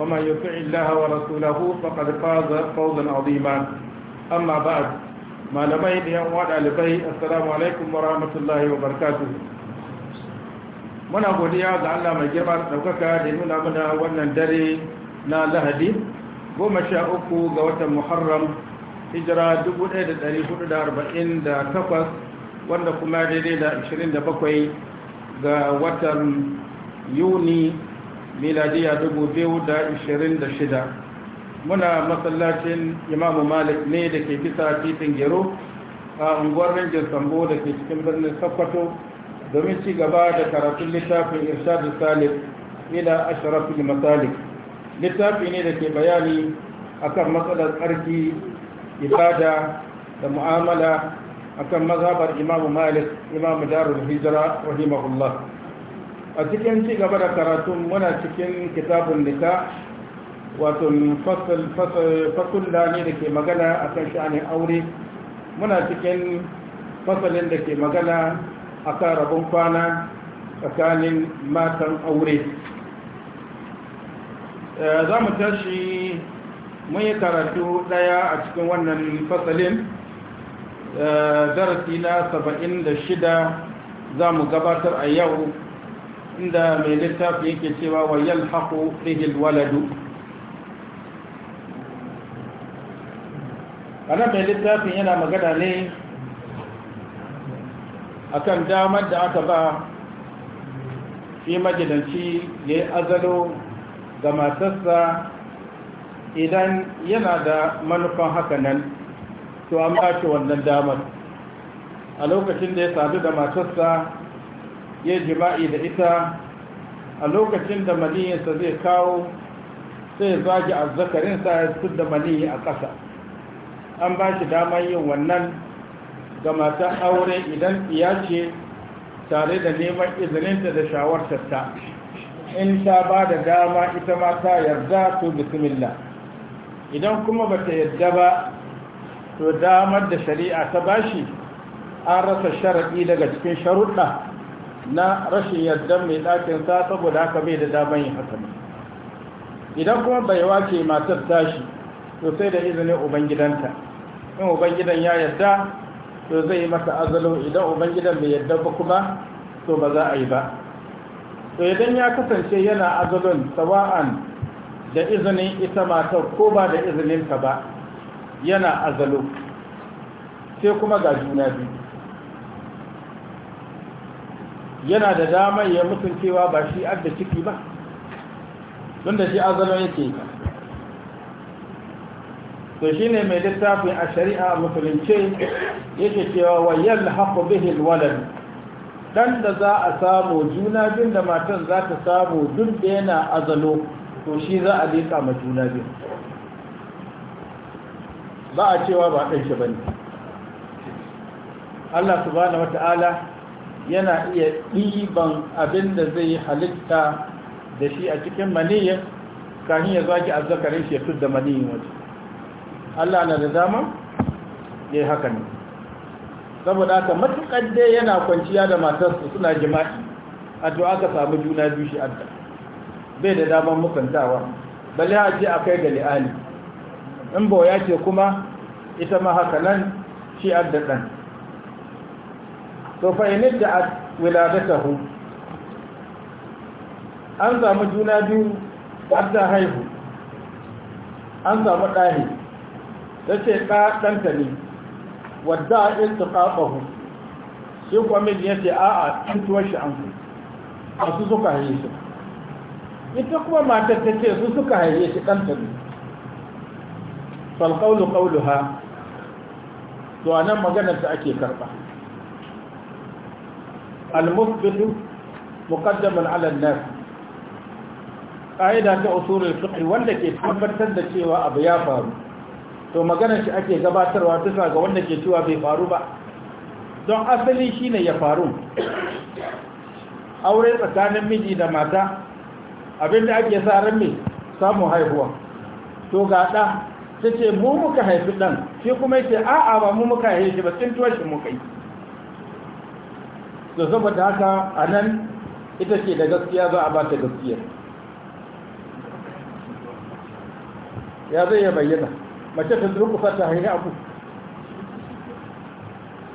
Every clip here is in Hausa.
ومن يطع الله ورسوله فقد فاز فوزا عظيما أما بعد ما لمين يوم ɗalibai assalamu alaikum wa rahmatullahi wa barakatu muna godiya ga Allah mai girma da ɗaukaka da nuna mana wannan dare na lahadi goma sha uku ga watan muharram hijira 1448 wanda kuma daidai da 27 ga watan yuni miladiya shida muna masallacin imamu malik ne da ke bisa titin gero a unguwar rangin sambo da ke cikin birnin Sakkwato domin ci gaba da karatun littafin irshadu salif ila ashrafil masalik littafi ne da ke bayani akan matsalar tsarki ibada da mu'amala akan mazhabar imamu malik imamu darul hijira rahimahullah a cikin ci gaba da karatun muna cikin kitabun nika wato fasulla ne da ke magana a kan sha'anin aure muna cikin fasalin da ke magana a kan rabon kwana tsakanin matan aure eh, za mu tashi mun yi karatu daya a cikin wannan fasalin eh, darasi na 76 za mu gabatar a yau inda mai littafi yake cewa wa yalhaqu bihi alwaladu nan mai littafin yana magana ne akan damar da aka ba shi majalanci ya yi azalo ga matarsa idan yana da manufan nan, to an ba wannan damar a lokacin da ya sadu da matarsa ya jima'i da ita a lokacin da maniyinsa zai kawo sai zagi a zakarinsa ya su da maniyi a ƙasa an ba shi damar yin wannan ga mata aure idan iya ce tare da neman izininta da shawartarta in ta ba da dama ita ma ta yarda to bismillah idan kuma ba ta yarda ba to damar da shari'a ta bashi an rasa sharaɗi daga cikin sharuɗa na rashin yarda mai ɗakin sa saboda haka bai da daban yin haka ne idan kuma bai wace matar tashi to sai da izinin ubangidanta in ubangidan ya yarda to zai yi masa azalo idan ubangidan bai yarda ba kuma to ba za a yi ba to idan ya kasance yana azalon sawa'an da izinin ita matar ko ba da izininta ba yana azalo sai kuma ga juna biyu yana da damar ya mutuncewa ba shi adda ciki ba don da shi azalon yake to shi ne mai littafin a shari'a musulunce yake cewa wayan haƙo bihin walad dan da za a samu juna bin da matan za ta samu duk da yana azalo to shi za a liƙa ma juna bin ba a cewa ba ɗan shi ba ne Allah subhanahu wa ta'ala yana iya ɗiban abin da zai halitta da shi a cikin maniyyar kahin ya zaki azzakarin shi ya da maniyyar waje Allah na da dama ya yi haka ne saboda aka matuƙar dai yana kwanciya da matarsa suna jima'i a to aka samu juna biyu shi bai da daman mukantawa bale a ce a kai ga li'ali in ya ce kuma ita ma haka nan shi adda ɗan to fa in da wiladatahu an samu juna biyu wadda haihu an samu ɗahi ta ce ɗa ɗanta ne wadda a ɗinta ƙaƙahu shi kwamin ya ce a a cutuwar shi an ku a su suka haihe shi ita kuma matar ta ce su suka haihe shi ɗanta ne falƙaulu ƙaulu ha to a nan maganar ta ake karɓa المثبت مقدم على الناس ta أصول الفقه wanda ke tabbatar da cewa abu ya faru to magana shi ake gabatarwa bisa ga wanda ke cewa bai faru ba don asali shine ya faru aure tsakanin miji da mata abinda ake sa ran mai samun haihuwa to ga ɗa ta ce mu muka haifi ɗan shi kuma yace a'a ba mu muka shi ba tsintuwar shi mu kai. da saboda haka a nan ita ce da gaskiya za a ba ta gaskiya ya zai ya bayyana mace ta durkufa ta haihu abu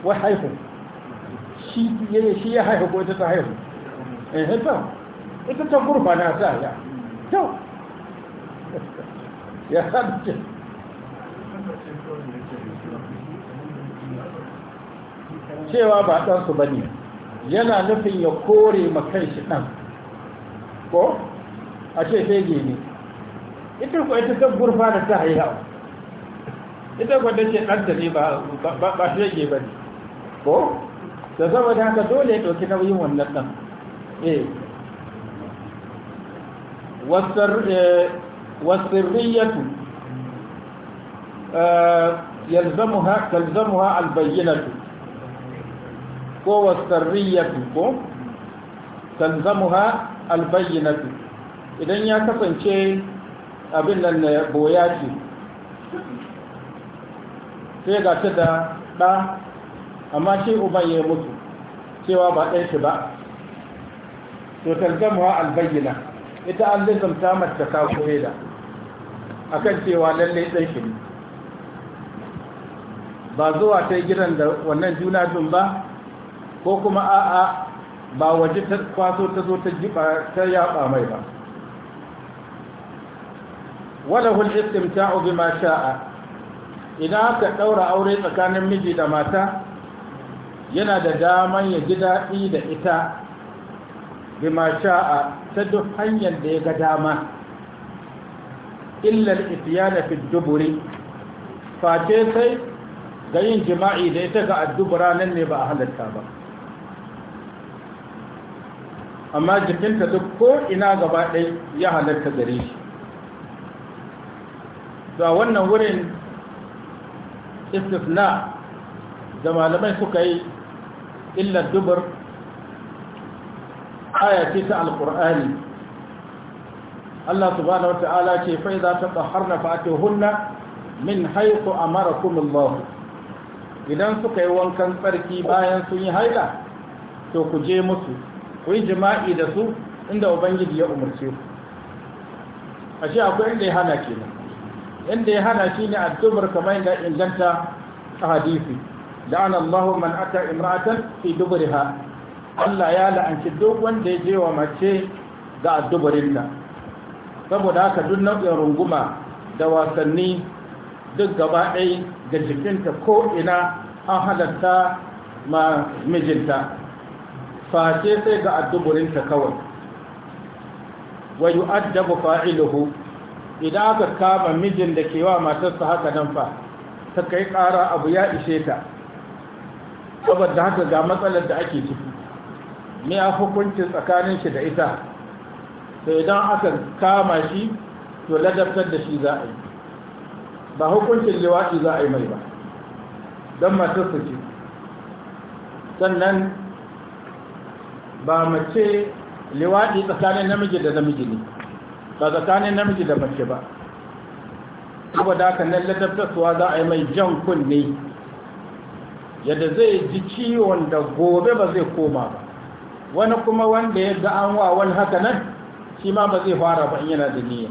wai haihu shi shi ya haihu ko ita ta haihu eh haifa eh, ita ta gurba na ta ya to ya sabce cewa ba ɗansu ba ne yana nufin ya kore makan shi ɗan ko a ce sai gini ita kuwa ita ta gurfa da ta haihu ita kuwa ta ce ɗanta ne ba fege ba ne ko da saboda haka dole ya ɗauki nauyin wannan ɗan eh والسرية يلزمها تلزمها البينة ko wasarriyatu ko tanzamuha albayyinatu idan ya kasance abin nan na boya ce sai ga ta da ɗa amma shi uban ya mutu cewa ba ɗan shi ba to tanzamuha albayyina ita an lizamta mata ta da akan cewa lallai ɗan shi ba zuwa ta gidan da wannan juna jun ba ko kuma a'a ba waje ta kwaso ta zo ta jiba ta yaba mai ba walahu al-istimta'u bima sha'a idan aka ɗaura aure tsakanin miji da mata yana da daman ya ji daɗi da ita bima sha'a ta duk hanyar da ya ga dama illa al da fi duburi face sai ga yin jima'i da ita ga addubura nan ne ba a halatta ba amma jikinta duk ko ina gaba ɗai ya halarta gare shi da wannan wurin istifna da malamai suka yi illar dubar aya ce ta alkur'ani Allah subhanahu wata'ala ce fai za ta tsaharna hunna min haiku amarakumullahu idan suka yi wankan tsarki bayan sun yi haila to ku je musu ku yi jima'i da su inda ubangiji ya umarce ku ashe akwai inda ya hana kenan inda ya hana shi ne addubar kamar yadda inganta a hadisi la'an Allahu man ata imra'atan fi duburiha Allah ya la'anci duk wanda ya je wa mace ga addubarin nan saboda haka duk nau'in runguma da wasanni duk gaba ɗaya ga jikinta ko ina an halatta ma mijinta face sai ga ta kawai wa addabu fa'iluhu idan aka kama mijin da ke wa matarsa haka nan fa ta kai ƙara abu ya ishe ta saboda haka ga matsalar da ake ciki me a hukunci tsakanin shi da ita to idan aka kama shi to ladabtar da shi za a yi ba hukuncin liwaɗi za a yi mai ba don matarsa ce sannan ba mace liwaɗi tsakanin namiji da namiji ne ba tsakanin namiji da mace ba saboda haka nan ladabtarsuwa za a yi mai jan kunne yadda zai ji ciwon da gobe ba zai koma ba wani kuma wanda ya ga an wa wani haka nan shi ma ba zai fara ba yana da niyya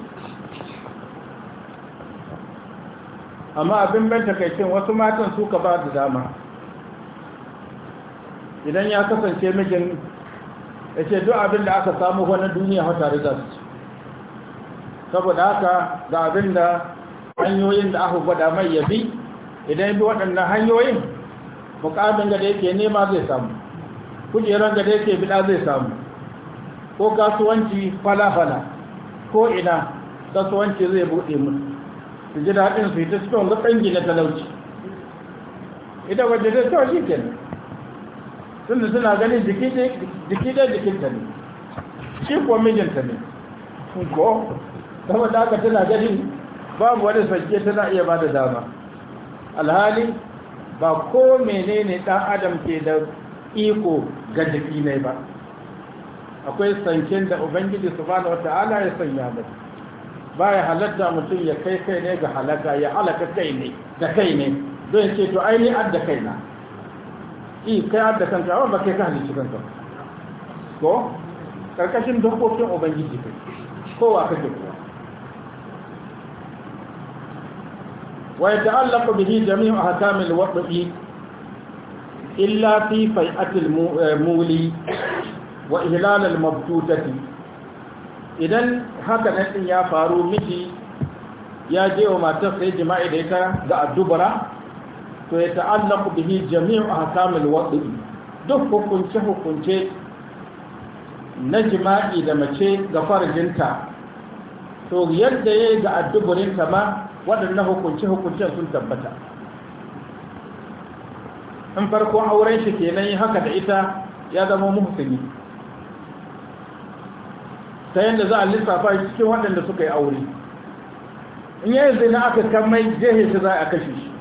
amma abin ban takaicin wasu matan suka ba da dama idan ya kasance mijin Yace duk abin da aka samu wani duniya hatare za su ci saboda haka ga abin da hanyoyin da aka gwada mai yabi idan bi waɗannan hanyoyin mukamin ga da yake nema zai samu kujeran ga da yake bida zai samu ko kasuwanci falafala ko ina kasuwanci zai buɗe mu su ji daɗin su yi ta cikin ga ƙangi na talauci ita wadda zai tawa shi kenan tunda suna ganin jiki ɗaya jikinta ne shi kuwa mijinta ne ko kuma da aka tana ganin babu wani sauke tana iya ba da dama alhali ba ko menene dan adam ke da iko ga jiki ne ba akwai sanken da ubangiji su bada wata ala ya sanya ba ba ya halatta mutum ya kai kai ne ga halaka ya halaka kai ne da kai ne don ce to aini ad da kaina i kai adda kanka amma ba kai ka halicci kanka ko karkashin dokokin ubangiji kai kowa kake kuwa wa ya yata'allaqu bihi jami'u a ahkamil wad'i illa fi fai'atil eh, muli wa ihlalal mabtutati idan haka nan ya faru miji ya je wa matar sai jima'i da ita da addubara to ya ta'allaku bihi jami'u ahkamil wad'i duk hukunce hukunce na jima'i da mace ga farjinta to yadda yayi ga adduburinta ma waɗannan hukunce hukuncen sun tabbata in farko auren shi kenan yi haka da ita ya zama muhsini ta yadda za a lissafa cikin waɗanda suka yi aure in yayin zina aka kan mai jehe shi za a kashe shi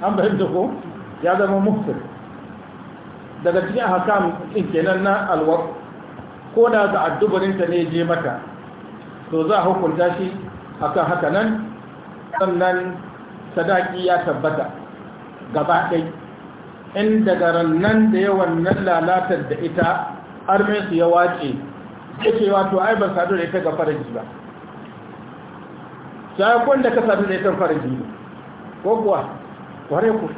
an fahimta ko ya zama mufsir daga cikin hakan ɗin kenan na alwar ko da za a dubarinta ne je mata to za a hukunta shi akan haka nan sannan sadaki ya tabbata gaba ɗai in daga rannan da yawan nan lalatar da ita arminsu ya wace ya ce wato ai ban sadu da ita ga faraji ba shakon da ka sadu da ita faraji ko kuwa kware ku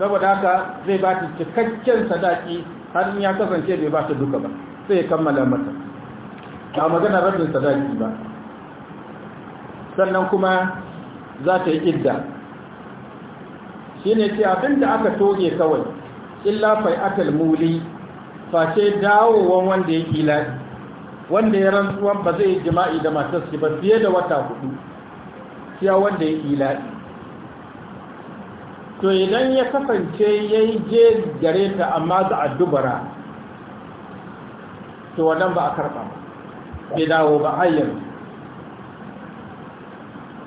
saboda haka zai ba ta cikakken sadaki har in ya kasance bai ba ta duka ba sai ya kammala mata ba magana rabin sadaki ba sannan kuma za ta yi idda shi ne ce abinda aka toge kawai illa fai atal muli face dawowan wanda ya kila wanda ya rantsuwan ba zai jima'i da matarsa ba fiye da wata hudu siya wanda ya kila to idan ya kasance ya yi je gare ta amma za a dubara to wannan ba a karɓa bai dawo ba hanyar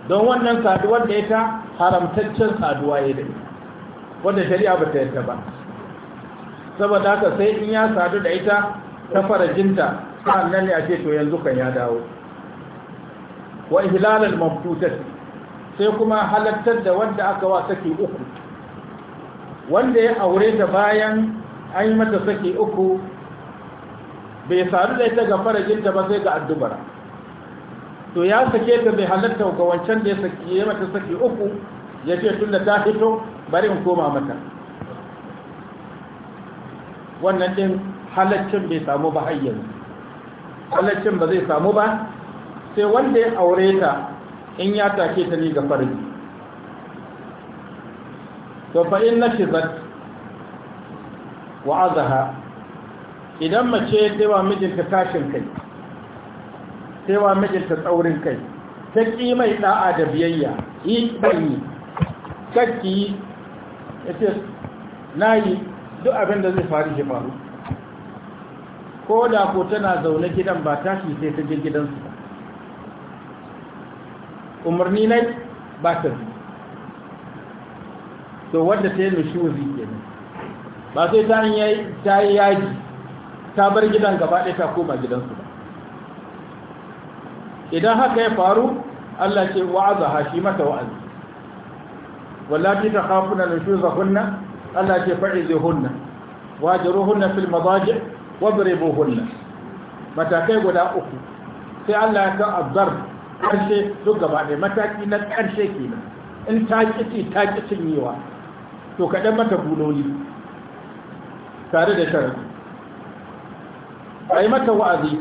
don wannan saduwar da ita haramtaccen saduwa ya da wadda shari'a ba ta yadda ba saboda haka sai in ya sadu da ita ta farajinta nan ne a ce to yanzu kan ya dawo wa ihlalar mafutar sai kuma halattar da wanda aka wa saki uku wanda ya aure ta bayan an yi mata saki uku bai sadu da ita ga farajinta ba sai ga addubara to ya sake ta bai halatta ga wancan da ya saki ya mata saki uku ya ce tun da ta fito bari in koma mata wannan din halaccin bai samu ba hayyar halaccin ba zai samu ba sai wanda ya aure ta in ya take ta ne ga farji to fa in nakizat wa azaha idan mace taiwa mijinta tashin kai taiwa mijinta tsaurin kai ta mai ɗa'a da biyayya yi ɓanyi kakki ya ce na yi duk abin da zai faru shi faru ko da ko tana zaune gidan ba tashi sai ta je gidansu umarni na ba ta to wadda ta yi nushuzi ke nan ba sai ta yi yaji ta bar gidan gaba ɗaya ta koma gidansu ba idan haka ya faru Allah ce wa'aza ha shi mata wa'azi wallahi ta khafuna hunna Allah ce fa'izihunna wajiruhunna fil madaji wadribuhunna matakai guda uku sai Allah ya ka azzar karshe duk gaba ɗaya mataki na karshe kenan in ta kici ta kicin cinyewa to kaɗan mata buloli tare da shan a yi mata wa'azi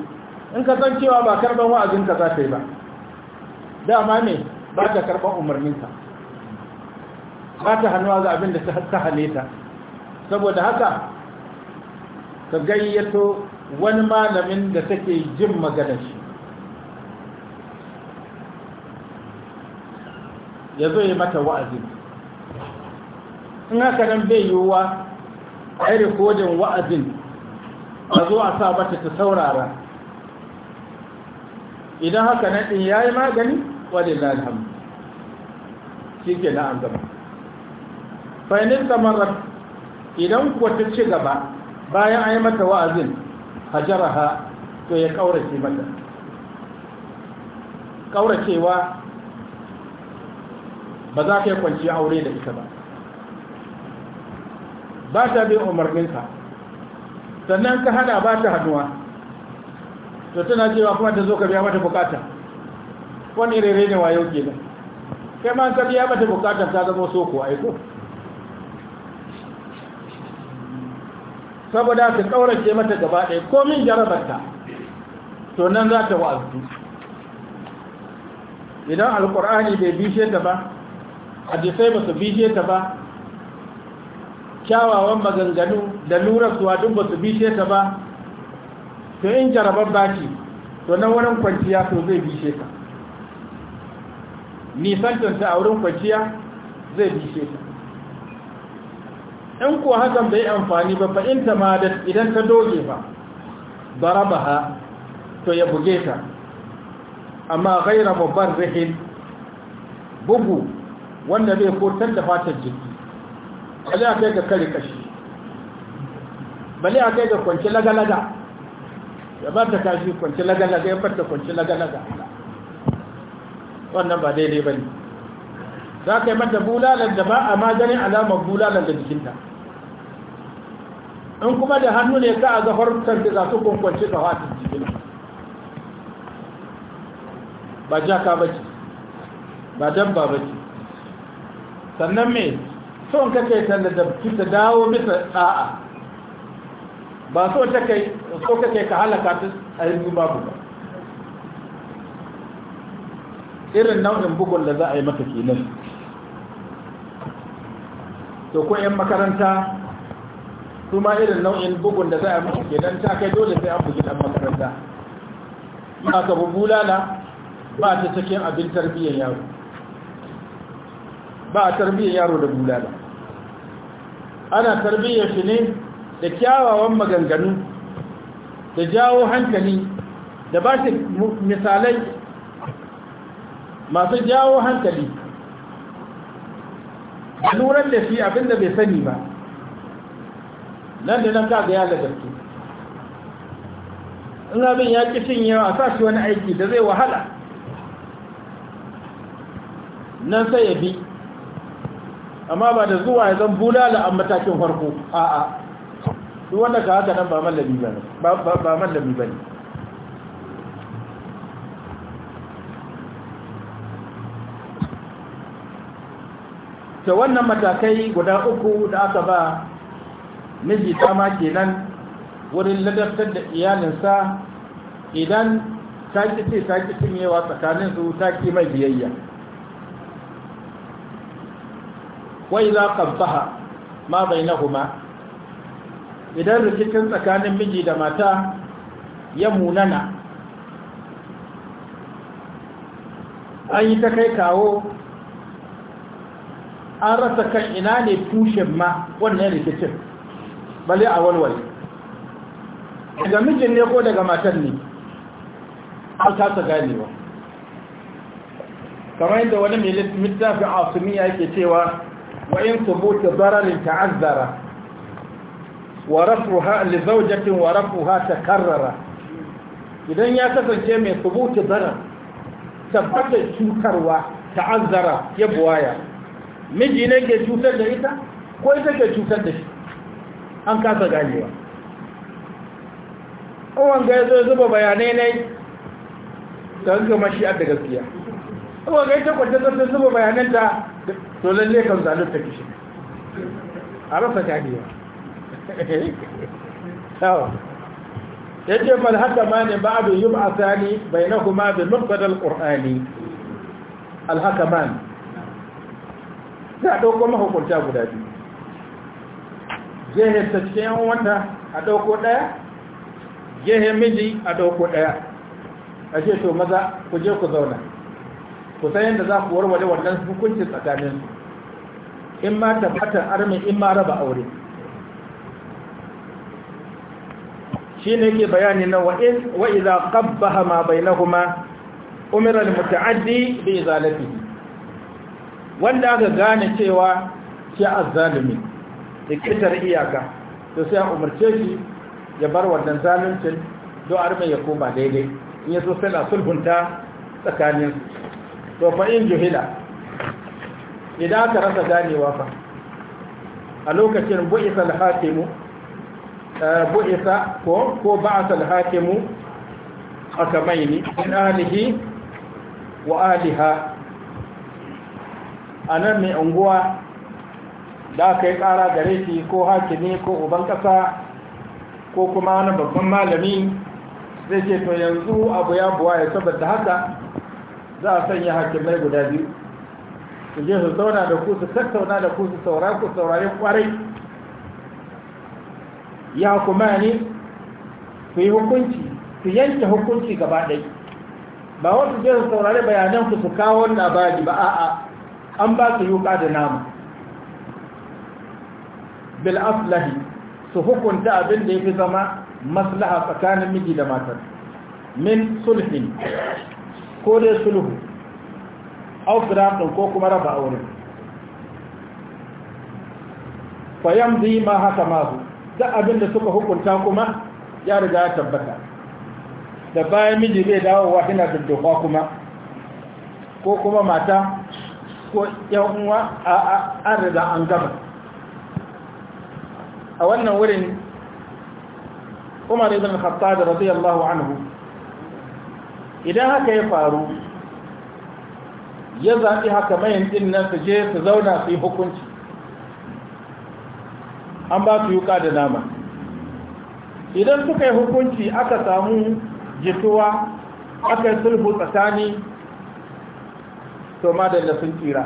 in ka san cewa ba karɓar wa'azinka za ta yi ba dama ne ba ta karɓar umarninka ba ta hannuwa ga abin da ta hane ta saboda haka ka gayyato wani malamin da take jin magana shi ya zo yi mata wa'azin in haka nan bai yiwuwa a yi rikodin wa'azin a zo a sa mata ta saurara idan haka nan ɗin ya yi magani wadda lalham shi ke na an zama fainin samarar idan kuwa ta ci gaba bayan a yi mata wa'azin hajaraha to ya ƙaurace mata ƙauracewa ba za ka yi kwanci aure da ita ba ba ta bin umarninka sannan ka hana ba ta hannuwa to tana cewa kuma ta zo ka biya mata bukata wani rere ne wa ke kenan kai ma ka biya mata bukata ta zama so ko aiko saboda ka kaurace mata gaba ɗaya komin jarabarta to nan za ta wa'azu idan alkur'ani bai bishe ta ba hadisai ba su bishe ta ba kyawawan maganganu da lura su duk ba su bishe ta ba to in jarabar baki to nan wurin kwanciya to zai bishe ta nisantanta a wurin kwanciya zai bishe ta in kuwa hakan bai amfani ba fa'inta ma da idan ta doge ba barabaha to ya buge ta amma gaira babban rihin bugu wanda bai kotar da fatar jiki bale a kai ga kare kashi bale a kai ga kwanci lagalaga ya ba ta kashi kwanci lagalaga ya fata kwanci lagalaga wannan ba daidai ba ne za ka yi mata bulalar da ba a maganin alamar bulalar da jikinta in kuma da hannu ne ka a zafar kanta za su kwanci ka hatin jikin ba jaka ba ce ba dabba ba ce sannan me son kake ta ladabci ta dawo bisa da'a ba so ta kai so kake ka halaka ta a yanzu babu ba irin nau'in bugun da za a yi mata kenan to ko 'yan makaranta su ma irin nau'in bugun da za a yi maka kenan ta kai dole sai an bugi dan makaranta ba ka bubulala ba ta cikin abin tarbiyyar yaro ba a tarbiyyar yaro da bulala ana tarbiyyar shi ne da kyawawan maganganu da jawo hankali da ba shi misalai masu jawo hankali da nurar da shi abinda bai sani ba nan da nan kaga ya lagarki in abin ya ƙi cin yawa sa shi wani aiki da zai wahala nan sai ya bi amma ba da zuwa ya zan da an matakin farko a'a duk wanda ka haka nan ba mallami ba ne ta wannan matakai guda uku da aka ba miji dama kenan wurin ladabtar da iyalinsa idan ta ƙi ce ta ƙi cinyewa tsakaninsu ta ƙi mai biyayya wai za ƙabbaha ma bai idan rikicin tsakanin miji da mata ya munana an yi ta kai kawo an rasa kan ina ne tushen ma wannan rikicin bali a walwal. daga mijin ne ko daga matan ne an tasa ganewa kamar yadda wani mai littafin asumiya yake cewa وإن ثبوت ضرر تعذر ورفعها لزوجة ورفعها تكرر إذا يا كسانشي من ثبوت ضرر ثبت شوكروا ta'azzara ya buwaya miji ne ke cutar da ita ko ita ke cutar da shi an kasa ganewa kowan ya zo zuba bayanai ne ta hanga mashi da gaskiya kuma ga ita kwanta ta zuba bayananta da to lalle kan zalun ta kishi a rasa ganewa tawa ya ce fal haka ma ne ba abu yi ba sani bai na kuma bi nukwadar ma ne za a ɗauko mahukunta guda biyu gehen ta cikin yan wanda a ɗauko ɗaya gehen miji a ɗauko ɗaya a ce to maza ku je ku zauna ku san yadda za ku warware wannan hukunci tsakanin in ma tabbatar armi in ma raba aure shi ne ke bayani na wa iza qabbaha ma bainahuma umira al-muta'addi bi izalatihi wanda aka gane cewa shi azzalimi kitar iyaka to sai umarce shi ya bar wannan zaluncin do arme ya koma daidai in so sai na sulhunta tsakanin to fa in juhila idan aka rasa ganewa fa a lokacin bu'isa al-hakimu eh, bu'isa ko ko ba'sa al-hakimu akamaini min alihi wa aliha anan mai unguwa da aka yi kara gare shi ko hakimi ko uban kasa ko kuma wani babban malami zai ce to yanzu abu ya buwa ya saboda haka za a sanya hakimai guda biyu su je su zauna da ku su tattauna da ku su saura ku saurari kwarai ya kuma ne su yi hukunci su yanke hukunci gaba ɗai ba wasu je su saurari bayanan ku su kawo labari ba a'a an ba su yuka da nama bil'aflahi su hukunta abin da ya fi zama maslaha tsakanin miji da matar min sulhin ko dai sulhu aufdraft ko kuma raba aure fayam bi ma haka mazu da abinda suka hukunta kuma ya riga ya tabbata da bayan miji zai dawowa yana duddufa kuma ko kuma mata ko yan uwa a an riga an gaba a wannan wurin umar ibn khattab radiyallahu anhu idan haka ya faru ya zaɓi haka mayan ɗin nan su je su zauna su yi hukunci an ba su yuka da nama idan suka yi hukunci aka samu jituwa aka yi sulhu tsakani to madalla sun tira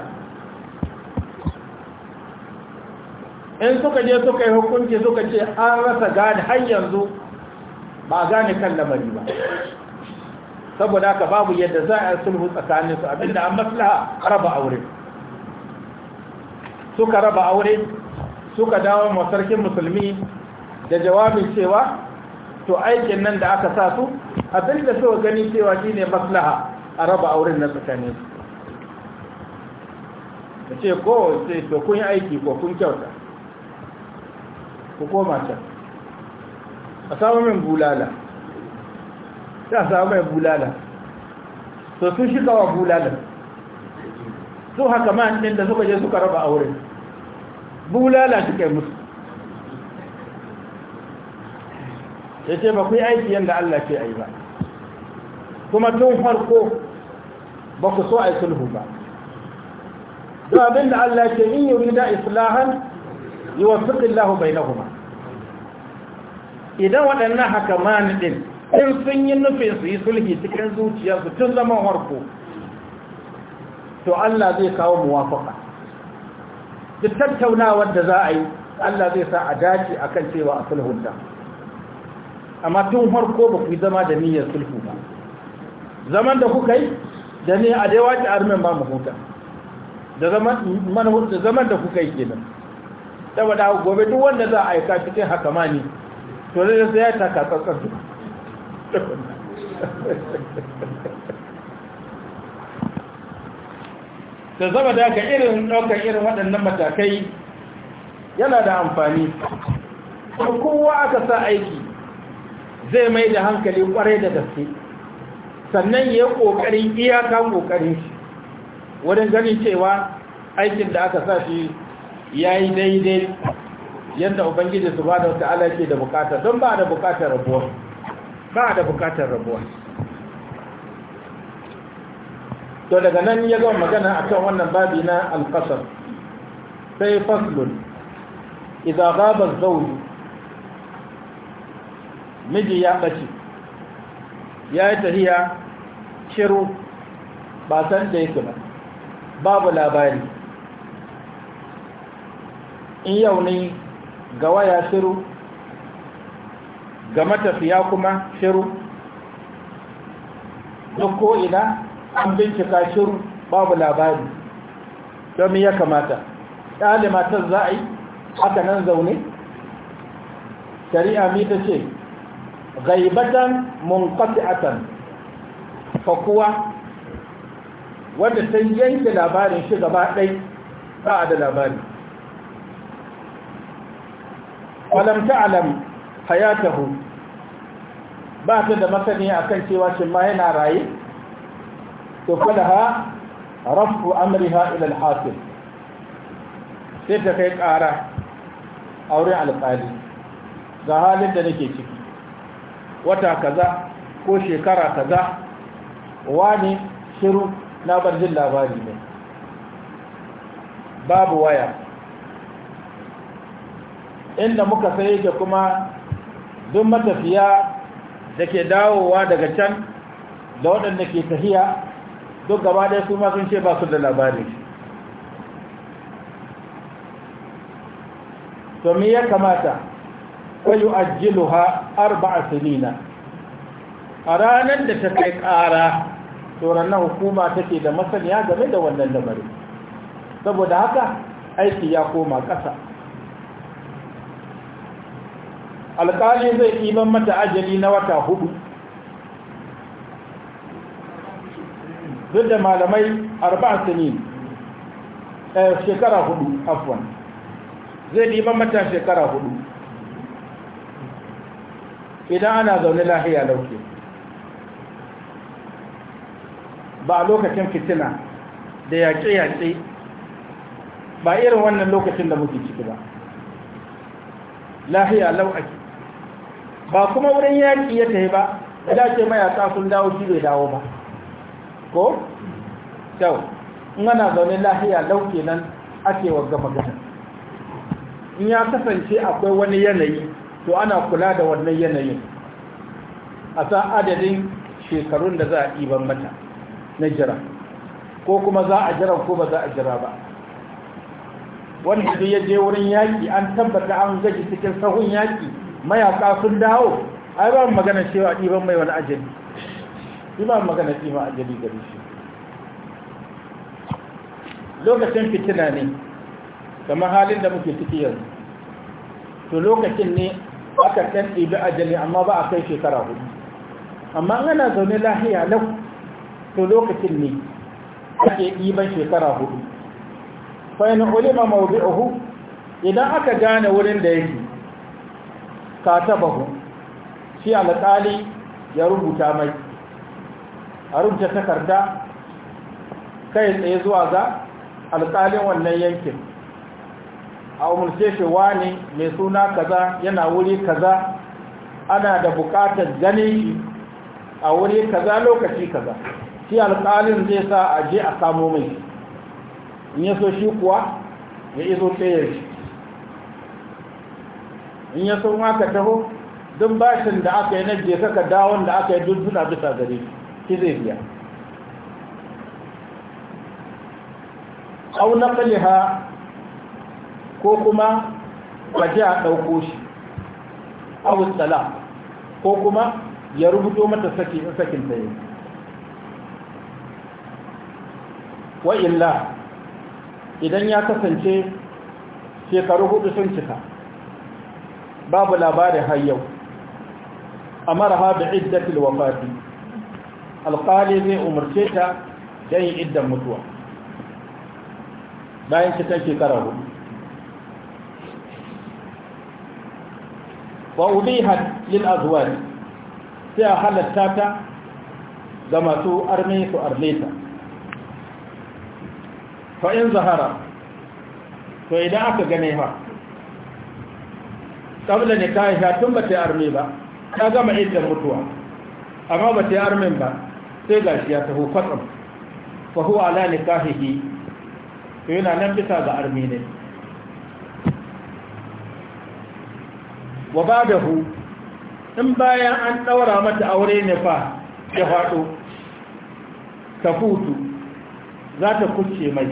in suka je suka yi hukunci suka ce an rasa gane har yanzu ba gane kan lamari ba saboda haka babu yadda za a sulhu tsakanin su abinda an maslaha raba aure suka raba aure suka dawo ma sarkin musulmi da jawabin cewa to aikin nan da aka sa su abinda suka gani cewa shine maslaha a raba auren na tsakanin su da ce ko sai to kun yi aiki ko kun kyauta ku koma can a samun min bulala ta samu mai bulala to sun shiga wa bulala su haka ma ɗin da suka je suka raba aure bulala suke musu ya ce ba ku yi aiki yadda Allah ce a yi ba kuma tun farko ba ku so a yi sulhu ba don da Allah ce in yi rida islahan yi wa wasu lahu bai na kuma idan waɗannan haka mani ɗin in sun yi nufin su yi sulhi cikin zuciyarsu tun zaman harko to Allah zai kawo muwafaka da tattaunawar da za a yi Allah zai sa a dace a kan cewa a sulhunta amma tun harko ba ku yi zama da niyyar sulhu ba zaman da kuka yi da ne a daiwa ki armen ba mu huta da zaman da kuka yi kenan saboda gobe duk wanda za a aika cikin haka mani to zai sai ya taka tsantsan da zama da ka irin ɗaukar irin waɗannan matakai yana da amfani kowa aka sa aiki zai mai da hankali kwarai da gaske sannan ya ƙoƙarin iyaka ƙoƙarin shi wurin ganin cewa aikin da aka sa shi ya yi daidai yadda ubangiji su ba da wata ke da bukata don ba da bukatar rabuwa ba da bukatar rabuwa to daga nan ya zo magana akan wannan babi na alkasar sai faslun idan gaba zauju miji ya ɓace ya yi tahiya shiru ba san da yake ba babu labari in yau ne ga waya shiru ga matafiya kuma shiru duk ko'ina an bincika shiru babu labari Domin ya kamata ɗalimatar za a yi haka nan zaune shari'a mita ce gaibatan munqati'atan fa kuwa wanda ta yanke labarin shi gaba ɗai ba da labari walam alam. hayatahu ba ta da masani akan cewa shin ma yana raye to falaha rafu amriha ila al hasib sai ta kai ƙara a wurin alƙali ga halin da nake ciki wata kaza ko shekara kaza wani shiru na bar jin labari ne babu waya inda muka sai da kuma duk matafiya da ke dawowa daga can da waɗanda ke tahiya duk gaba ɗaya su ma sun ce ba su da labari to me ya kamata kwayo arba a sinina a ranar da ta kai ƙara tsoron na hukuma take da masaniya game da wannan lamarin saboda haka aiki ya koma ƙasa alƙali zai ɗiban mata ajali na wata hudu duk da malamai arba'a sani eh, shekara hudu afwan zai ɗiban mata shekara hudu idan ana zaune lahiya lauke ba a lokacin fitina da yaƙe-yaƙe ba irin wannan lokacin da muke ciki ba lahiya lau ba kuma wurin yaƙi ya tafi ba da dace mayaka sun dawo shi zai dawo ba ko? kyau in ana zaune lahiya lauke nan ake gama magana in ya kasance akwai wani yanayi to ana kula da wannan yanayin a san adadin shekarun da za a ban mata na jira ko kuma za a jira ko ba za a jira ba wanda ya je wurin yaƙi an tabbata an gaji cikin sahun yaƙi mayaka sun dawo ai ba mu magana cewa ɗiban mai wani ajali shi ba mu magana cewa ajali gari shi lokacin fitina ne kamar halin da muke ciki yanzu to lokacin ne aka ɗan ɗibi ajali amma ba a kai shekara hudu amma ana zaune lahiya lau to lokacin ne ake ɗiban shekara hudu fa'in ulima mawubi'uhu idan aka gane wurin da yake katabahu shi alƙali ya rubuta mai a rubuta takarda kai tsaye zuwa ga alƙalin wannan yankin a umarce shi wani mai suna kaza yana wuri kaza ana da buƙatar gani a wuri kaza lokaci kaza shi alƙalin zai sa a je a samo mai in yaso shi kuwa ya izo tsayar shi in ya so ma ka taho don bashin da aka yi na jeka ka dawon da aka yi duk suna bisa gare shi zai biya au naqliha ko kuma ji a ɗauko shi au salam ko kuma ya rubuto mata saki sakin yi wa illa idan ya kasance shekaru hudu sun cika babu labarin har yau amara da iddatul wafati alƙali zai umarce ta da yin iddan mutuwa bayan cikin shekara hudu wa ubihat lil azwaj sai a halarta ta ga masu arme su arleta fa in zahara to idan aka gane ha kabla ne ta sha tun ba ta yi arme ba ta gama idan mutuwa amma ba ta yi armen ba sai ga shi ya taho kwatsam fa huwa ala nikahihi to yana nan bisa ga arme ne wa badahu in bayan an daura mata aure ne fa ya faɗo ta futu za ta kuce mai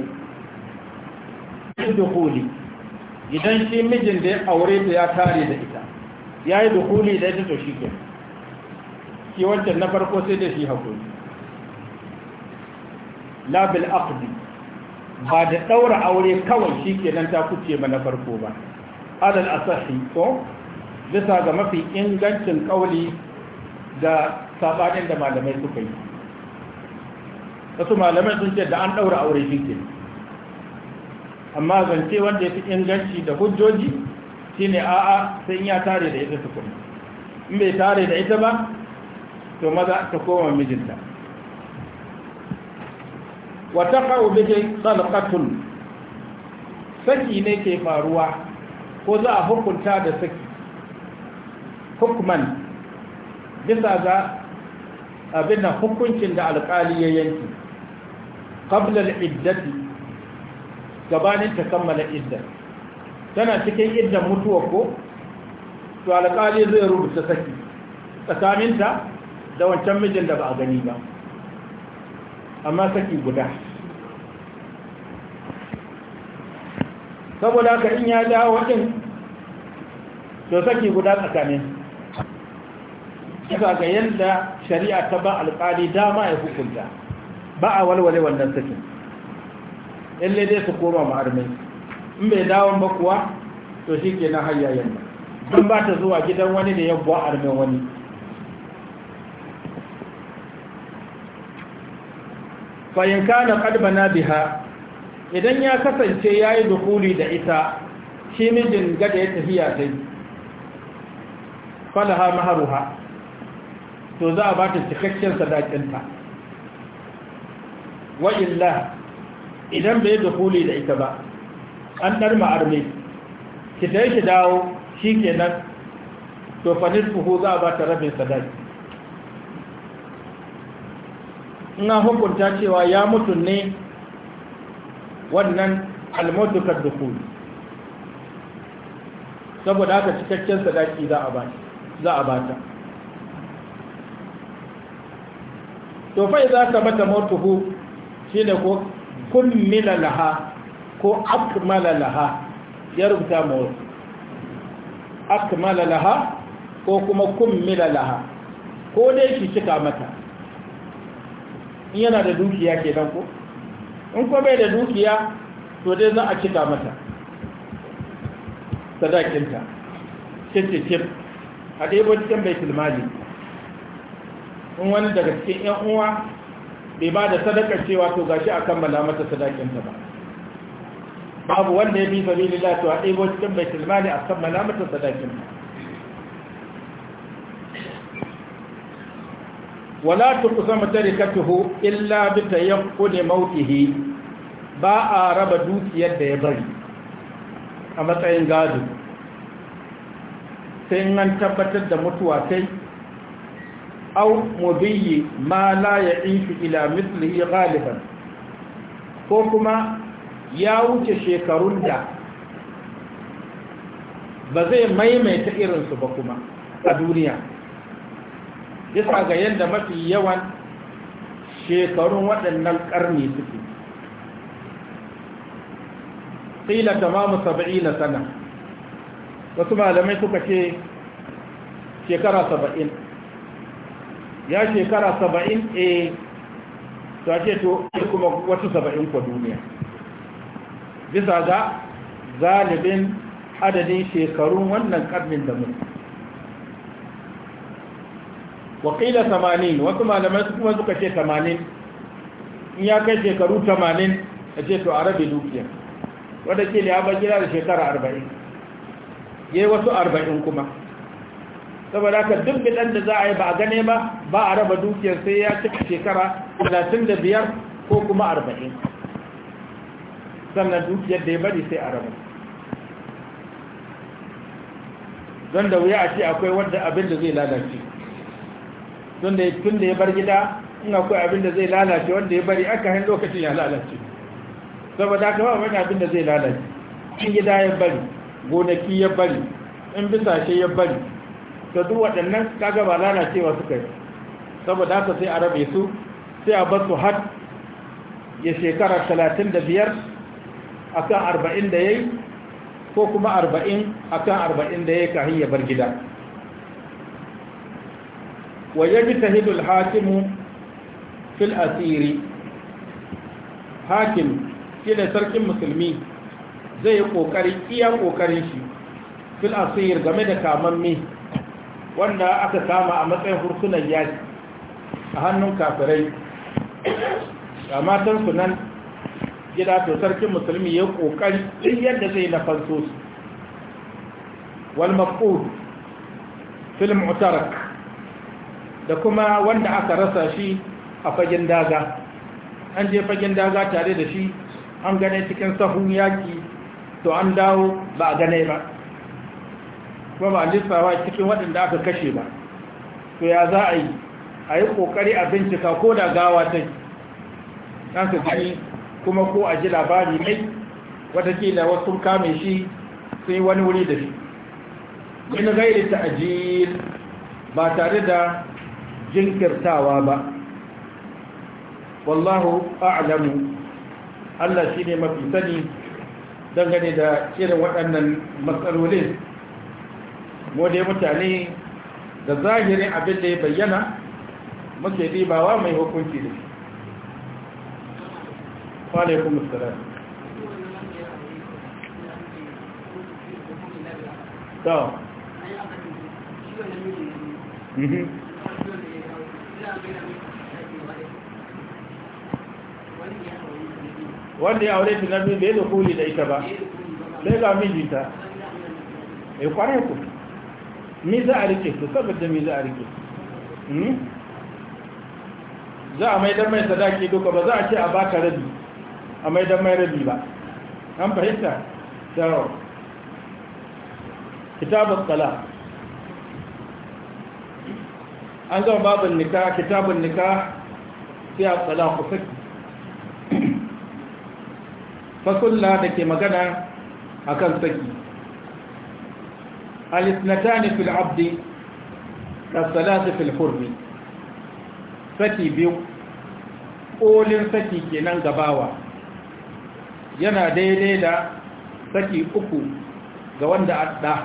dukuli idan shi mijin da ya aure ta ya tare da ita ya yi dukuli da ita to shi ke shi wancan na farko sai da shi haƙuri labil aqdi ba da ɗaura aure kawai shi ke nan ta kuce ba na farko ba adal asahi ko bisa ga mafi ingancin ƙauli da sabanin da malamai suka yi wasu malamai sun ce da an ɗaura aure shi ke amma zance wanda ya fi inganci da hujjoji shine a'a sai ya tare da ita tukun in bai tare da ita ba to maza ta koma mijinta wata kau bihe tsalƙatun saki ne ke faruwa ko za a hukunta da saki hukman bisa ga abin da hukuncin da alƙali ya yanki ƙablar iddati gabanin ta kammala iddan tana cikin iddan mutuwa ko to alƙali zai rubuta saki tsakaninta da wancan mijin da ba a gani ba amma saki guda saboda haka in ya dawo din to saki guda tsakanin isa ga yadda shari'a ta ba alƙali dama ya hukunta ba a walwale wannan sakin lalle dai su koma ma armai in bai dawo ba kuwa to shi ke nan ba don ba ta zuwa gidan wani da yabuwa armai wani fayin kana kalbana biha idan ya kasance ya yi dukuli da ita shi mijin gada ya tafiya sai falaha maharuha to za a ba ta cikakken sadakinta wa'illah idan bai kuli da ita ba an ɗarma arme ki dai shi dawo shi nan, to fanis kuhu za a ba ta rabin sadaki ina hukunta cewa ya mutu ne wannan da dukuli saboda haka cikakken sadaki za a ba ta to fa za ka mata hu shi ne ko kummila laha ko akmala laha ya rubuta ma akmala laha ko kuma kummila laha ko dai shi cika mata in yana da dukiya ke nan ko in ko bai da dukiya to dai za a cika mata sadakinta cikin a ɗaya cikin bai tilmali in wani daga cikin 'yan uwa bai ba da sadaka cewa to gashi a kammala mata sadakin ta ba babu wanda ya bi sabilillah to a ɗebo cikin bai tilmani a kammala mata sadakinta wala tuqsamu tarikatuhu illa bi tayaqqud mautihi ba a raba dukiyar da ya bari a matsayin gado sai an tabbatar da mutuwa sai aw mudhi ma la ya'ishu ila mithlihi galiban. ko kuma ya wuce shekarun da ba zai maimaita irinsu ba kuma a duniya bisa ga yadda mafi yawan shekarun waɗannan ƙarni suke ƙila tamamu na sana wasu malamai suka ce shekara saba'in ya shekara saba'in eh, a ta ce to kuma wasu saba'in kwa duniya bisa ga zalibin adadin shekarun wannan karnin da mutu wakila 80 wasu malamai su kuma suka ce 80 in ya kai shekaru 80 a ce to a rabe dukiya wadda ke da ya da shekara 40 ya yi wasu 40 kuma saboda ka duk bidan da za a yi ba a gane ba ba a raba dukiyar sai ya cika shekara 35 ko kuma 40 sannan dukiyar da ya bari sai a raba don da wuya a ce akwai wadda abin da zai lalace don da tun da ya bar gida in akwai abin da zai lalace wanda ya bari aka hin lokacin ya lalace saboda ka ba wani abin da zai lalace in gida ya bari gonaki ya bari in bisashe ya bari to duk waɗannan kaga ba lalacewa suka yi saboda haka sai a rabe su sai a bar su har ya shekara 35 kan 40 da yi ko kuma 40 kan 40 da ya yi kahin ya bar gida wa ta hidul hakimu fil asiri hakim ne sarkin musulmi zai yi kokari iya kokarin shi fil asiri game da kamamme wanda aka kama a matsayin hursunan yaji a hannun kafirai a matansu nan gida to sarkin musulmi ya kokari din yadda zai na fanso su wal filin fil da kuma wanda aka rasa shi a fagen daga an je fagen daga tare da shi an gane cikin sahun yaki to an dawo ba a gane ba kuma ba lissawa cikin waɗanda aka kashe ba to ya za a yi a yi ƙoƙari a bincika ko da gawa ta ɗan su gani kuma ko a ji labari mai watakila wasu kame shi sun yi wani wuri da shi In gairi ta ajiyar ba tare da jinkirtawa ba wallahu a'lamu Allah shi ne mafi sani dangane da irin waɗannan matsalolin Mo dai mutane da zahirin abin da ya bayyana muke dibawa mai hukunci da shi kwalaikun musulun so wanda ya aure ta na biyu da kuli da ita ba bai ga mijinta ya kwarai ku me za a rike su saboda me za a rike hmm? za a maidar mai sadaki duka ba za a ce a baka rabi a maidar mai rabi ba an fahimta tsaro kitabun tsala an zama babin nika kitabun nika sai a tsala ku saki fasulla da ke magana a kan saki الاثنتان في العبد كالثلاث في الحرم saki biyu ƙolin saki kenan gabawa yana daidai da saki uku ga wanda adda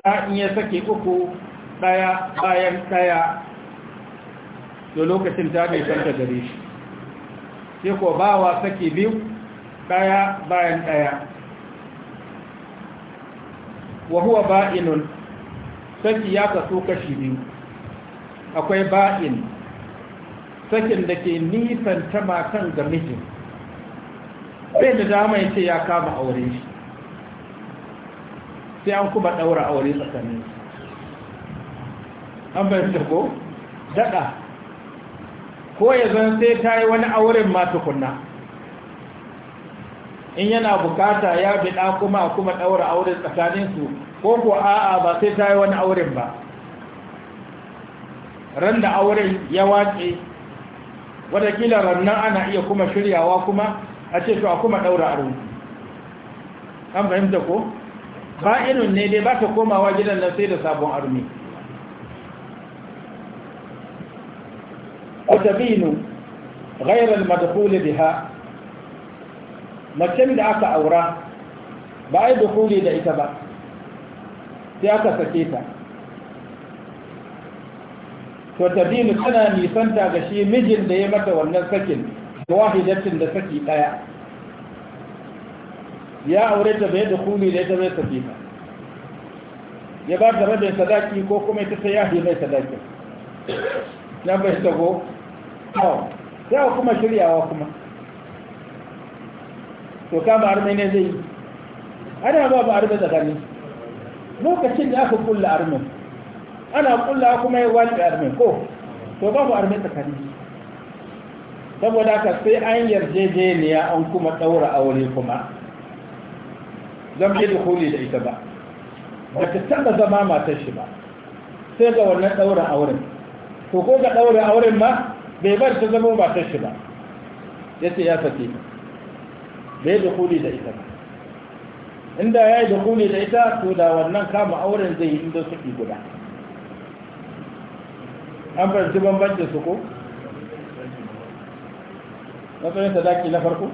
da in ya saki uku ɗaya bayan ɗaya da lokacin ta bai santa sai ko saki biyu ɗaya bayan ɗaya wa huwa ba'inun saki ya kaso kashi biyu akwai ba'in sakin da ke nisan ta matan ga mijin sai da dama ya ce ya kama aure shi sai an kuma ɗaura aure tsakanin an bai shirko daɗa ko ya zan sai ta yi wani auren ma tukunna in yana bukata ya biɗa kuma a kuma ɗaura aure tsakaninsu ko ko a'a ba sai ta yi wani auren ba ran da auren ya wace watakila rannan ana iya kuma shiryawa kuma a ce to a kuma daura aure an fahimta ko ba irin ne dai ba ta komawa gidan nan sai da sabon armi tabinu غير المدخول biha macen da aka aura ba a yi dukuli da ita ba sai aka sake ta to tabinu tana nisanta ga shi mijin da ya mata wannan sakin da wahidatin da saki daya ya aure ta bai dukuri da ita bai sake ta ya ba ta rabin sadaki ko kuma ita ta yahi mai sadaki na bai tago sai kuma shiryawa kuma to kama arme ne zai yi ana ba ba arme tsakani lokacin da aka kulla arme ana kulla kuma ya wani arme ko to ba ba arme tsakani saboda ka sai an yarjejeniya an kuma ɗaura aure kuma zan yi dukuli da ita ba ba ta taɓa zama matar shi ba sai ga wannan ɗaura auren to ko ga ɗaura auren ma bai bar ta zama matar shi ba ya ce ya sake bai da kuli da ita ba, inda ya yi da kuli da ita to da wannan kama auren zai yi inda suke guda an farci bambancin su ko? matsayin sadaki na farko?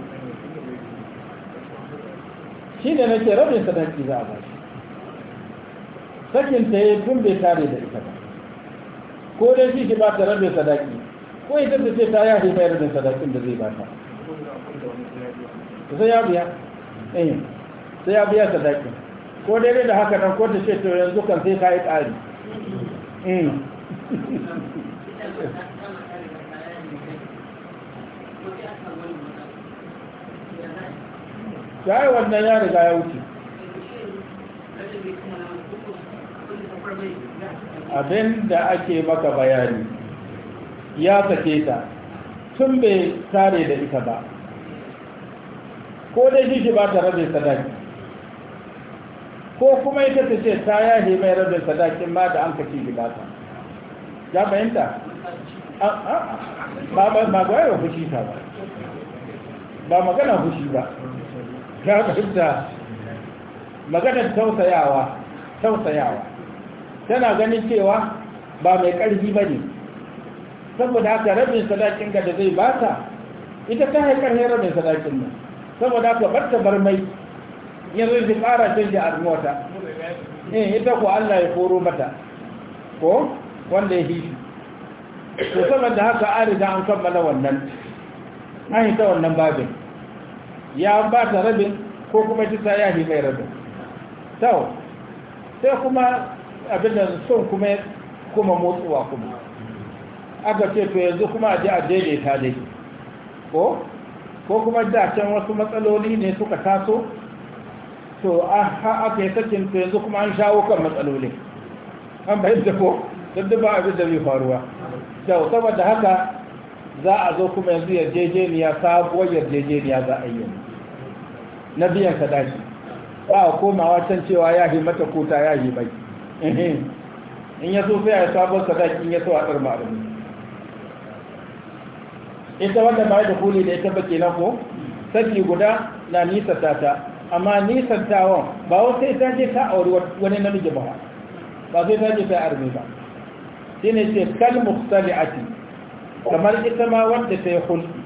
shi ne nake rabin sadaki za a ba shi sakinta ya yi tun bai tare da ita ba ko dai shi shi ba ta rabin sadaki ko ita ta ce ta yi mai rabin sadakin da zai ba ta sai ya biya eh sai ya biya sadakin ko daidai da haka nan ko ta ce to yanzu kan sai ka yi ƙari ya eh. yi wannan ya riga ya wuce abin da ake maka bayani ya sake ta tun bai tare da ita ba ko dai shi shi ba ta rabin sadaki ko kuma ita ta ce ta yahe mai rabin sadakin ma da an ka ci gidata ya fahimta ba gwaya wa fushi ta ba ba magana fushi ba ya fahimta maganar tausayawa tausayawa tana ganin cewa ba mai ƙarfi ba ne saboda haka rabin sadakin ga da zai ba ta ita ta haikar rabin sadakin nan saboda ka bar ta bar mai yanzu zai fara canja armota eh ita ko Allah ya koro mata ko wanda ya hisi to saboda haka an riga an kammala wannan an yi ta wannan babin ya ba ta rabin ko kuma ta ya yi mai rabin tau sai kuma abin da son kuma kuma motsuwa kuma aka ce to yanzu kuma a je a daidaita dai ko ko kuma da can wasu matsaloli ne suka taso to aka yi sakin to yanzu kuma an shawo kan matsaloli. an bai da ko ba abin da bai faruwa kyau saboda haka za a zo kuma yanzu yarjejeniya sabuwar yarjejeniya za a yi na biyan ka shi. ba a komawa can cewa ya yi mata kuta ya yi bai in ya so sai a sabon sadaki in ya so a tsarma abin ita wanda ba da huli da ita bake na ko saki guda na nisa ta amma nisan tawon ba wata ita ce ta auri wani namiji ba ba sai ta ce ta arme ba shi ne ce kal muhtali'ati kamar ita ma wanda ta yi hulki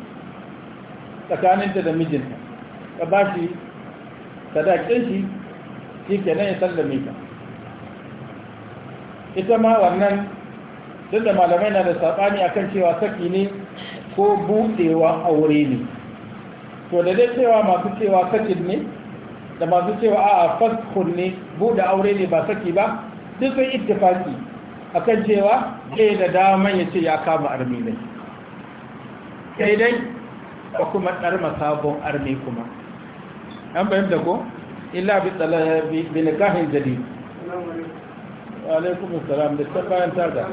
ta da mijinta ka ba shi da kinshi shi ke nan ya sallame ta ita ma wannan duk da malamai na da saɓani akan cewa saki ne ko buɗewa wuri ne to da dai cewa masu cewa sakin ne da masu cewa a'a faskun ne buɗe aure ne ba saki ba duk sun ittifaki kan cewa ɗaya da daman ya ce ya kama armi ne sai dai ba kuma ɗarma sabon armi kuma an fahimta ko illa bi tsalabi bi nikahin jadi wa alaikum salam da ta bayan tada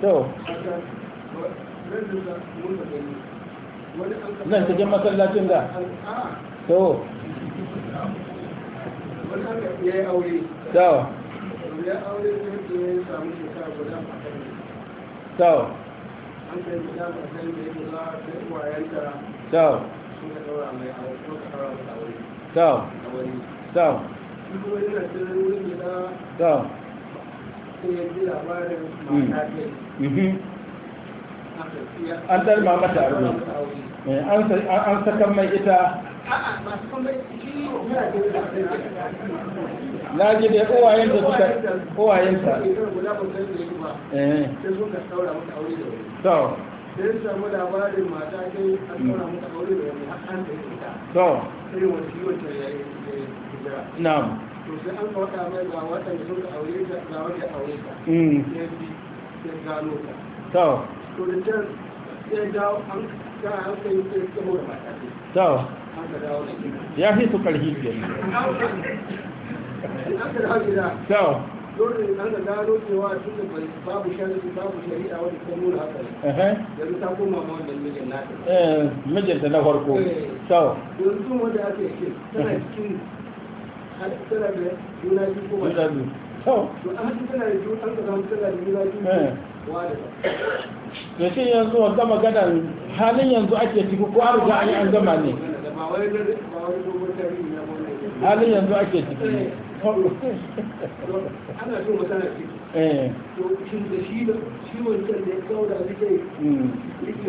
to nan cikin masallacin da to ya yi aure dawa ya aure ya samu an dalma mata eh, an sakan mai ita na ji da uwayen da suka uwayen ta eh to sai samu labarin mata dai an tsora mata aure da an da ita to sai wani ta na'am hmm. to an faɗa mai ga wata aure ta ga wata aure ta mm sai gano ta to da an ka ya fi su ke to da gano cewa tun babu shari'a babu shari'a nuna haka yanzu ta koma eh, mijinta na farko eh. yanzu wanda ake ce tana cikin tana da juna biyu ko wata to tana da juna an ka da biyu ko eh. da shi yanzu gama gadan halin yanzu ake ciki ko an riga an gama ne halin yanzu ake ciki ne ana so mutane ciki Eh. to shi da shi da shi wancan da ya kawo da suke hmm. yake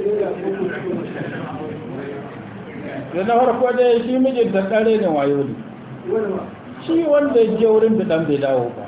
da da na farko dai shi mijin da ne wayo ne shi wanda ya je wurin bidan bai dawo ba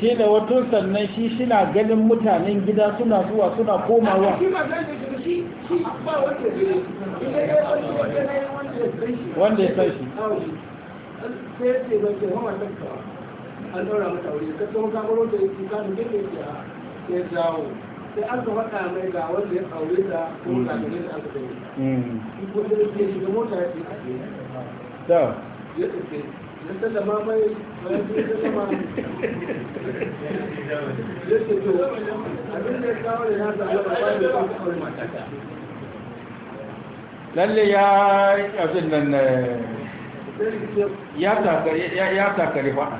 shi da wato sannan shi shina ganin mutanen gida suna zuwa suna komawa wanda ya san shi an daura mata ka tsohon gina ya sai an zama ta mai ga wanda ya tsawo da ko da aka lalle ya abin nan eh, ya takari faɗa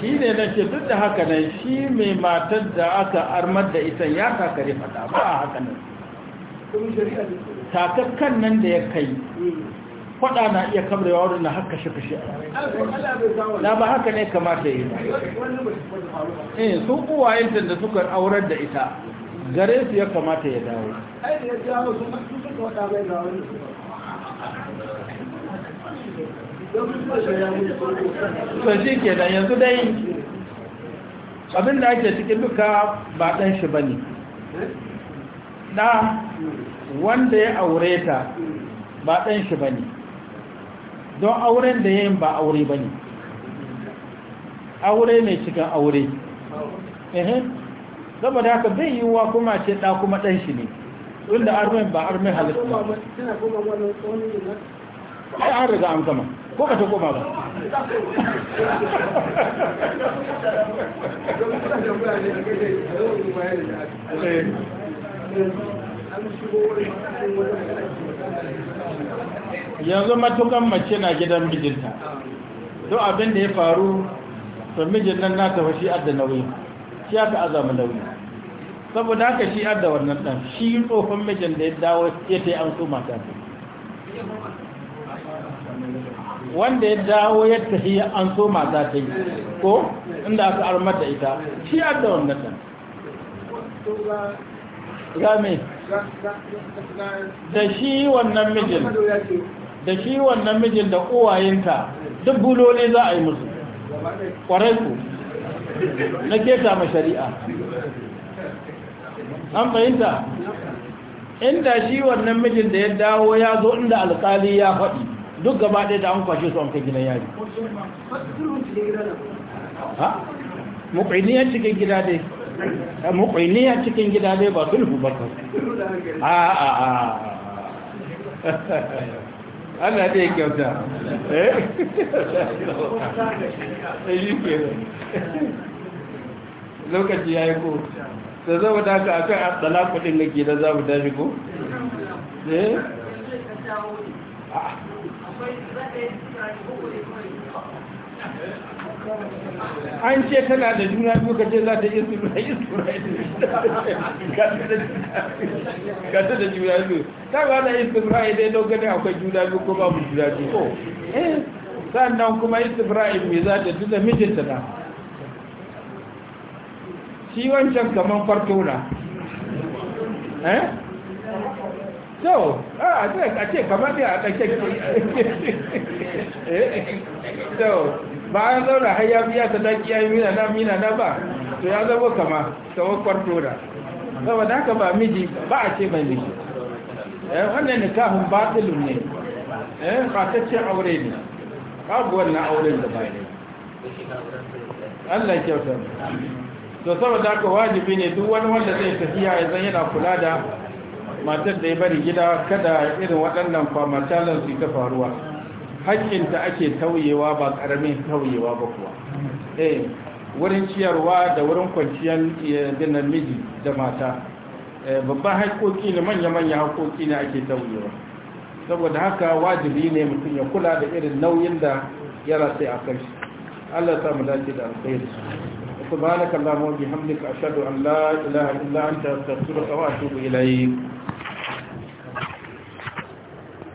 shi ne na ce duk da haka nan shi mai matar da aka armar da ita ya takari faɗa ba a haka nan takakkan nan da ya kai fada na iya kamrewa wurin na har kashe-kashe na ba haka ne kamata yi ba eh su uwayenta da suka aurar da ita gare su ya kamata ya dawo to shi ke da yanzu dai abinda ake cikin duka ba ɗan shi ba ne ɗa wanda ya aure ta ba ɗan shi ba don auren da yin ba aure ba aure ne cikin aure zama da haka bai yi wa kuma ce ɗa kuma ɗan shi ne inda armen ba armen halittu ba ai an riga an kama ko ka ta koma ba Thank yanzu matukan mace na gidan mijinta don abin da ya faru to mijin nan na tafi shi adda nauyi shi aka azama nauyi saboda haka shi adda wannan dan shi tsohon mijin da ya dawo ya ta yi an su mata wanda ya dawo ya tafi an so mata ta yi ko inda aka armata da ita shi adda wannan dan game da shi wannan mijin da shi wannan mijin da uwayenta duk buloli za a yi musu kwarai ku na keta ma shari'a an fahimta inda shi wannan mijin da ya dawo ya zo inda alƙali ya faɗi duk gaba ɗaya da an kwashe su an kai gina yari ha? mukaini yan cikin gida dai muƙwiniya cikin gida dai ba su ba ta a a a ana dai kyauta eh? lokaci ya yi ko da zama da aka akan atsala kudin da ke da za mu ko? a eh? an ce tana da juna biyu ka ce za ta yin suna yi suna ga ta da juna biyu ta ba da istifra'i dai lokacin akwai juna biyu ko babu juna biyu eh sannan kuma yin suna istifra'i mai za ta tuna mijinta na shi wancan kamar farko na eh so a ce kamar ne a ɗake so ba an zauna har ya biya ta daki ya yi mina na mina na ba to ya zama kama kamar kwarto da saboda haka ba miji ba a ce mai miji eh, wannan nikahun batilun ne eh ce aure ne babu wannan auren da bai Allah kyauta to saboda haka wajibi ne duk wani wanda zai tafiya ya zan yana kula da matar da ya bari gida kada irin waɗannan kwamatalan su ta faruwa hanyinta ake tauyewa ba karamin tauyewa ba kuwa eh wurin ciyarwa da wurin kwanciyar eh, da miji da mata eh, babban haƙoƙi ne manya-manya haƙoƙi ne ake tauyewa saboda haka wajibi ne mutum ya kula da irin nauyin da ya rasai a kai Allah ta mu dace da alkhairi subhanaka allahumma wa bihamdika ashhadu an la ilaha illa anta astaghfiruka wa atubu ilayk